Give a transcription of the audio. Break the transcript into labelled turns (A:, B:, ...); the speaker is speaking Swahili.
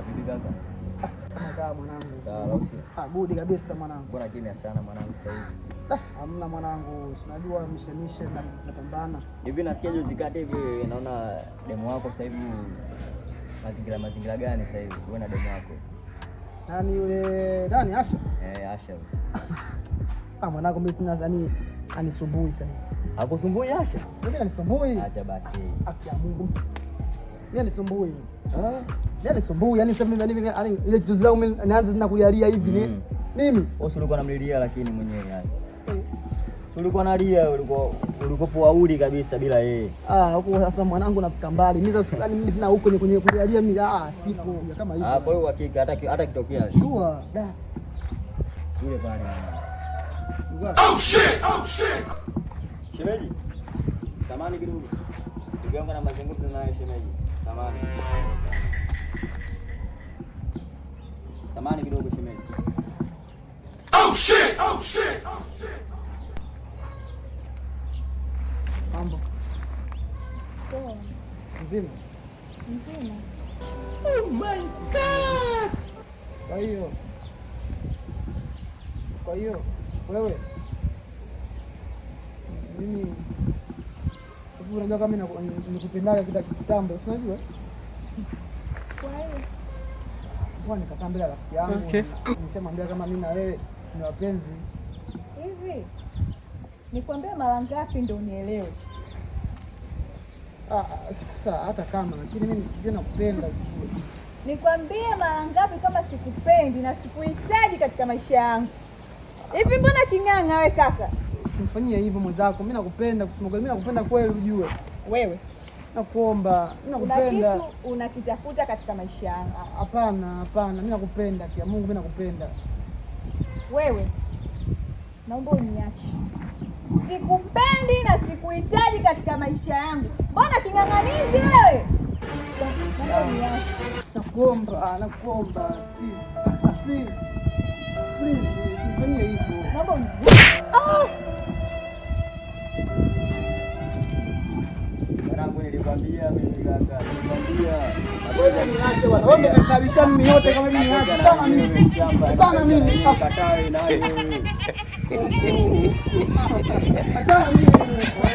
A: Vipi kaka? Kama mwanangu.
B: Ah, kabisa mwanangu.
A: Mbona kimya sana mwanangu sasa hivi?
B: Ah, hamna mwanangu, unajua mshemishe na kupambana.
A: Hivi nasikia juzi kati hivi naona demo wako sasa hivi mazingira mazingira gani sasa hivi? Wewe na demo wako.
B: Nani yule? Nani Asha? Eh, Asha. Ah, mwanangu mimi tuna yani anisumbui sasa hivi. Asha? Mimi anisumbui. Acha basi. Akia Mungu. Yaani yaani yaani mimi hivi ni mm.
A: oh, lakini mwenyewe yani eh. sio, ulikuwa unalia, ulikuwa ulikuwa poaudi kabisa bila yeye.
B: Ah, huko sasa mwanangu nafika mbali mimi sasa, yani mimi tena huko ni kwenye kulialia mimi, ah, sipo
A: kama hivyo. Ah, kwa hiyo hakika hata hata kitokea
B: sure da
A: yule pale.
C: Oh shit, oh shit.
A: Shemeji, samani kidogo. Tukiongea na mazungumzo naye shemeji. Samani samani kidogo shemeji. Oh shit! Oh shit! Oh shit!
B: Mambo poa? Mzima
D: mzima.
E: Oh my god!
B: Kwa hiyo kwa hiyo wewe mimi unajua kama nikupendaga kita kitambo, si unajua kwa nikakaa mbele ya rafiki yangu, nishamwambia kama mimi na wewe ni wapenzi
D: hivi. Nikwambia mara ngapi ndio unielewe?
B: Ah, ah, sasa hata kama lakini mimi ndio nakupenda tu.
D: Nikwambie mara ngapi kama sikupendi na sikuhitaji katika maisha yangu? Hivi mbona king'ang'a wewe kaka?
B: usimfanyie hivyo mwenzako. Mimi nakupenda kusema mimi nakupenda kweli, ujue wewe nakuomba mimi nakupenda. Kuna
D: kitu unakitafuta katika maisha yangu?
B: Hapana, hapana, mimi nakupenda pia. Mungu, mimi nakupenda
D: wewe. Naomba uniache, sikupendi na sikuhitaji katika maisha yangu. Mbona king'ang'anizi wewe?
B: Naomba uniache, nakuomba, nakuomba please, please, please, usifanyie hivyo,
D: naomba
A: yangu nilikwambia mimi kaka, nilikwambia
B: ngoja niache bwana. Wewe mimi yote kama mimi niache sana mimi. Sana mimi ah. katae nayo. Hata